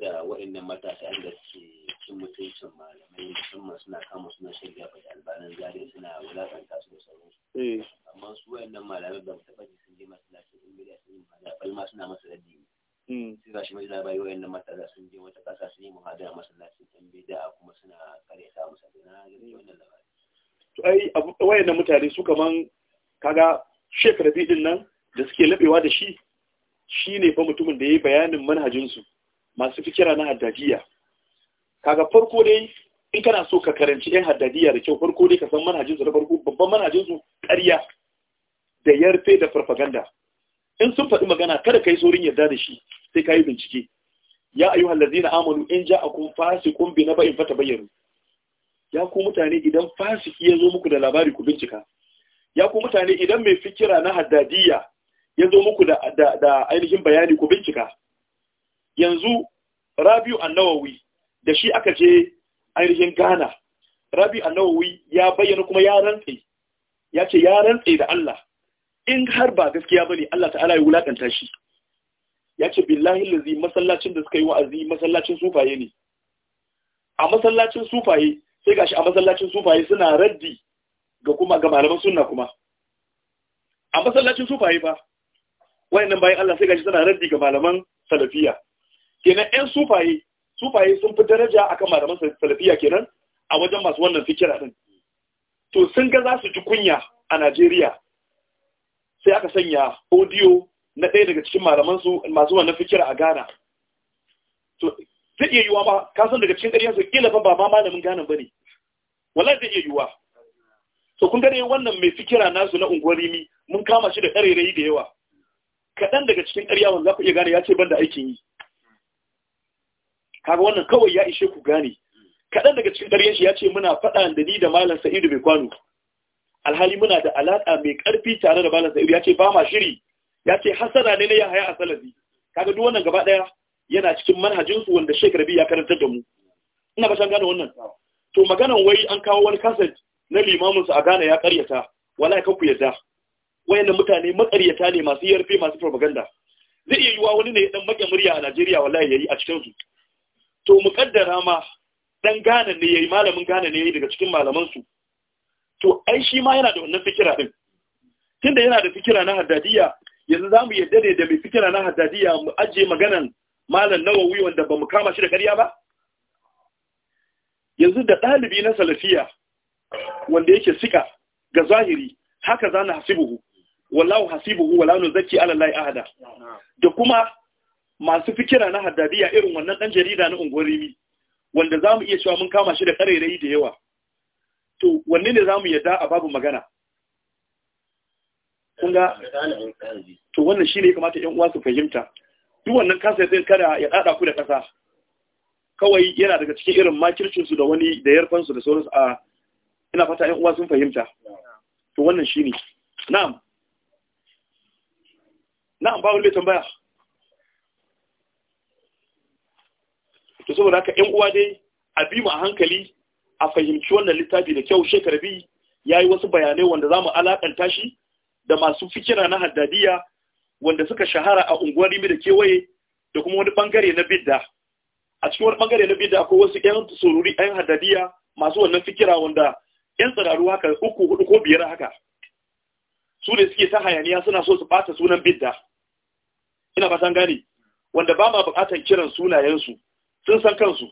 da waɗannan matasa suke cikin mutuncin malamai musamman suna kama suna shirya da albanin zare suna wulakanta su da sauransu eh. amma su wayannan malamai ba mu taɓa ji sun je lafiya in gida sun yi bai ma suna masa ne hmm. sai ga shi mai labari wayannan matasa sun je wata ƙasa sun yi muhadara masallacin in bida kuma suna karyata musalli na gani wannan labari to ai wayannan mutane su kaman kaga shek rabi din nan da suke labewa da shi shi ne fa mutumin da ya yi bayanin manhajinsu masu fikira na haddajiya kaga farko dai in kana so ka karanci ɗan haddadiya da kyau farko dai ka san manhajin su da farko babban manhajin su ƙarya da yarfe da farfaganda in sun faɗi magana kada kai saurin yarda da shi sai ka yi bincike ya ayu na amanu in ja a fasi kun bi fata fatabayyanu ya ku mutane idan fasiki ya zo muku da labari ku bincika ya ku mutane idan mai fikira na haddadiya ya zo muku da ainihin bayani ku bincika yanzu Rabiu an da shi aka je ainihin Ghana Rabi an ya bayyana kuma ya rantse ya ce ya rantse da Allah in har ba gaskiya bane Allah ta'ala ya wulakanta shi ya ce billahi lazi masallacin da suka yi wa'azi masallacin sufaye ne a masallacin sufaye sai gashi a masallacin sufaye suna raddi ga kuma ga malaman sunna kuma a masallacin sufaye ba wayannan bayan Allah sai gashi suna raddi ga malaman salafiya kenan ɗan sufaye sufaye sun fi daraja a kan malaman salafiya kenan a wajen masu wannan fikira din to sun ga za su ji kunya a Najeriya sai aka sanya audio na ɗaya daga cikin malaman su masu wannan fikira a Ghana to zai iya yiwuwa ba ka san daga cikin ƙarya su kila fa ba ma malamin Ghana bane wallahi zai iya yiwuwa to kun gane wannan mai fikira nasu na unguwar mun kama shi da ƙarerayi da yawa kaɗan daga cikin ƙarya wanda za ku iya gane ya ce ban da aikin yi kaga wannan kawai ya ishe ku gane kaɗan daga cikin ƙaryen shi ya ce muna faɗa da ni da malam sa'idu mai kwano alhali muna da alaƙa mai ƙarfi tare da malam sa'idu ya ce ba ma shiri ya ce hasara ne na ya haya a salafi kaga duk wannan gaba ɗaya yana cikin manhajinsu wanda shekara biyu ya karantar da mu ina ba shan gane wannan to maganan wai an kawo wani kaset na su a gane ya karyata wala ka ku yadda wayannan mutane makaryata ne masu yarfe masu propaganda zai iya yiwa wani ne dan make a Najeriya wallahi yayi a cikin su to mu kaddara ma dan gane ne yayi malamin gane ne yayi daga cikin malaman su to ai shi ma yana da wannan fikira din tunda yana da fikira na haddadiya yanzu zamu yadda ne da mai fikira na haddadiya mu aje maganan malam nawawi wanda mu kama shi da ƙarya ba yanzu da ɗalibi na salafiya wanda yake sika ga zahiri haka zana hasibuhu wallahu hasibuhu wala nuzaki ala lahi ahada da kuma masu fikira na haddadiya irin wannan ɗan jarida na unguwar rimi wanda za mu iya cewa mun kama shi da ƙarerayi da yawa to wanne ne za mu yadda a babu magana kunga to wannan shi ne kamata yan uwa su fahimta duk wannan kansa ya kada ya ɗaɗa ku da ƙasa kawai yana daga cikin irin makircinsu da wani da yarfansu da sauransu a ina fata yan uwa sun fahimta to wannan shi ne na'am na'am ba wani tambaya to saboda haka ƴan uwa dai a bi mu a hankali a fahimci wannan littafi da kyau shekar bi yi wasu bayanai wanda za mu alakanta shi da masu fikira na haddadiya wanda suka shahara a unguwar Rimi da kewaye da kuma wani bangare na bidda a cikin wani bangare na bidda akwai wasu ƴan sururi ƴan haddadiya masu wannan fikira wanda ƴan tsiraru haka uku hudu ko biyar haka su ne suke ta hayaniya suna so su ɓata sunan bidda ina ba san gane wanda ba ma buƙatar kiran sunayensu sun san kansu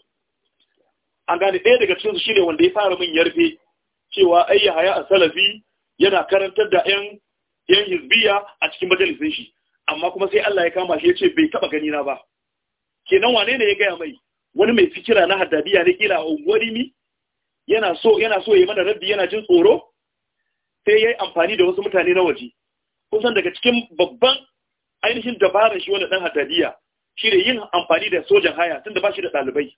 an gane ɗaya daga cikinsu shine wanda ya fara min yarfe cewa ai haya a salafi yana karantar da yan yan hizbiya a cikin majalisin shi amma kuma sai Allah ya kama shi ya ce bai taba gani na ba kenan wane ne ya gaya mai wani mai fikira na haddadiya ne kila a unguwari yana so yana so ya mana rabbi yana jin tsoro sai ya yi amfani da wasu mutane na waje kusan daga cikin babban ainihin dabarar shi wanda dan haddadiya shi da yin amfani da sojan haya tunda ba shi da ɗalibai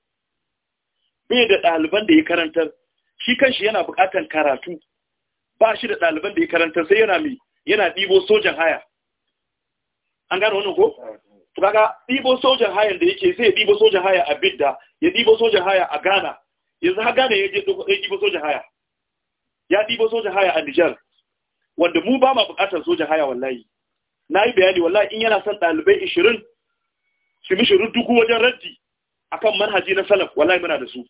bai da ɗaliban da ya karantar shi kanshi yana buƙatar karatu ba shi da ɗaliban da ya karantar sai yana mai yana ɗibo sojan haya an gano wannan ko to kaga ɗibo sojan haya da yake zai ɗibo sojan haya a bidda ya ɗibo sojan haya a ghana yanzu har ghana ya je ɗibo sojan haya ya ɗibo sojan haya a nijar wanda mu ba ma buƙatar sojan haya wallahi na yi bayani wallahi in yana son ɗalibai ishirin su mishi ruddugu wajen raddi akan manhaji na salaf wallahi muna da su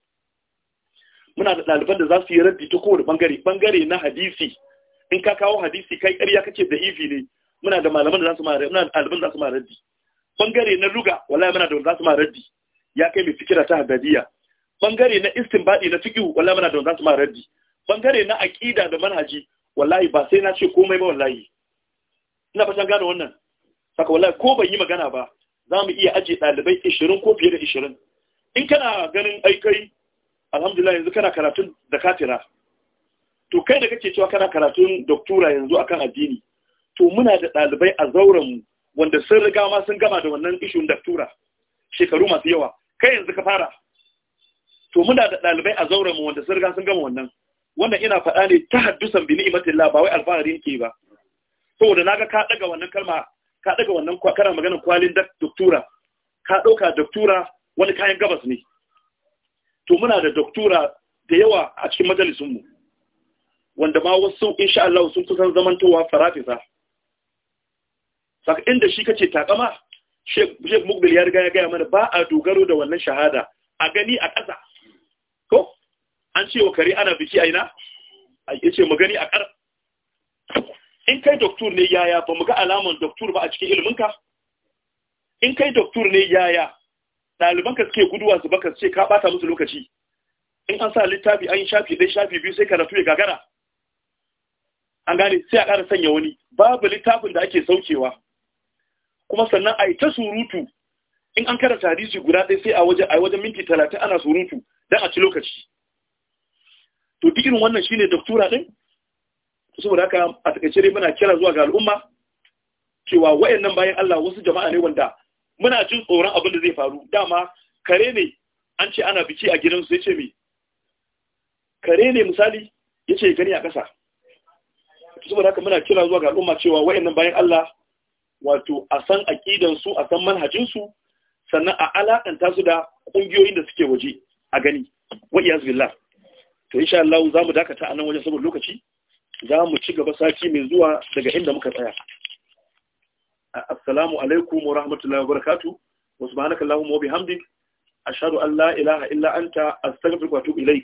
muna da ɗaliban da za su yi raddi ta kowane bangare bangare na hadisi in ka kawo hadisi kai ƙarya kake da ifi ne muna da malaman da za su ma muna da ɗaliban za su ma raddi bangare na luga wallahi muna da wanda za su ma raddi ya kai mai fikira ta hadadiya bangare na istinbadi na fiqh wallahi muna da wanda za su ma raddi bangare na aqida da manhaji wallahi ba sai na ce komai ba wallahi ina fatan gane wannan saka wallahi ko ban yi magana ba za mu iya ajiye ɗalibai ishirin ko fiye da ishirin in kana ganin aikai alhamdulillah yanzu kana karatun da katira to kai da kake cewa kana karatun doktora yanzu akan addini to muna da ɗalibai a zauren wanda sun riga ma sun gama da wannan ishun doktora shekaru masu yawa kai yanzu ka fara to muna da ɗalibai a zauren mu wanda sun riga sun gama wannan wannan ina faɗa ne ta haddusan bini imatillah ba wai alfahari yake ba saboda naga ka daga wannan kalma ka daga wannan kwakara magana kwalin da doktura ka dauka doktura wani kayan gabas ne to muna da doktura da yawa a cikin majalisun mu wanda ma wasu insha Allah sun kusan zamantowa farafisa saka inda shi kace takama Sheikh Mukbil ya riga ya gaya mana ba a dogaro da wannan shahada a gani a ƙasa ko an ce wa kare ana biki aina a ce mu a ƙasa. in kai doktor ne yaya ba mu ga alaman doktor ba a cikin iliminka in kai doktor ne yaya ɗalibanka suke guduwa su baka ce ka bata musu lokaci in an sa littafi an yi shafi ɗai shafi biyu sai karatu ya gagara an gane sai a ƙara sanya wani babu littafin da ake saukewa kuma sannan a ita surutu in an karanta hadisi guda ɗaya sai a waje a wajen minti talatin ana surutu don a ci lokaci to duk wannan shine doktora ɗin saboda haka a takaice dai muna kira zuwa ga al'umma cewa wayannan bayan Allah wasu jama'a ne wanda muna jin tsoron abin da zai faru dama kare ne an ce ana biki a gidan su yace me kare ne misali yace gani a ƙasa saboda haka muna kira zuwa ga al'umma cewa wayannan bayan Allah wato a san aqidan su a san manhajin su sannan a alakanta su da kungiyoyin da suke waje a gani wa iyaz billah to insha Allah za mu dakata a nan wajen saboda lokaci za mu ci gaba sati mai zuwa daga inda muka tsaya assalamu alaikum wa rahmatullahi wa barakatuh wa subhanakallahumma mawabi hamdi, a an Allah ilaha illa anta astaghfiruka wa atubu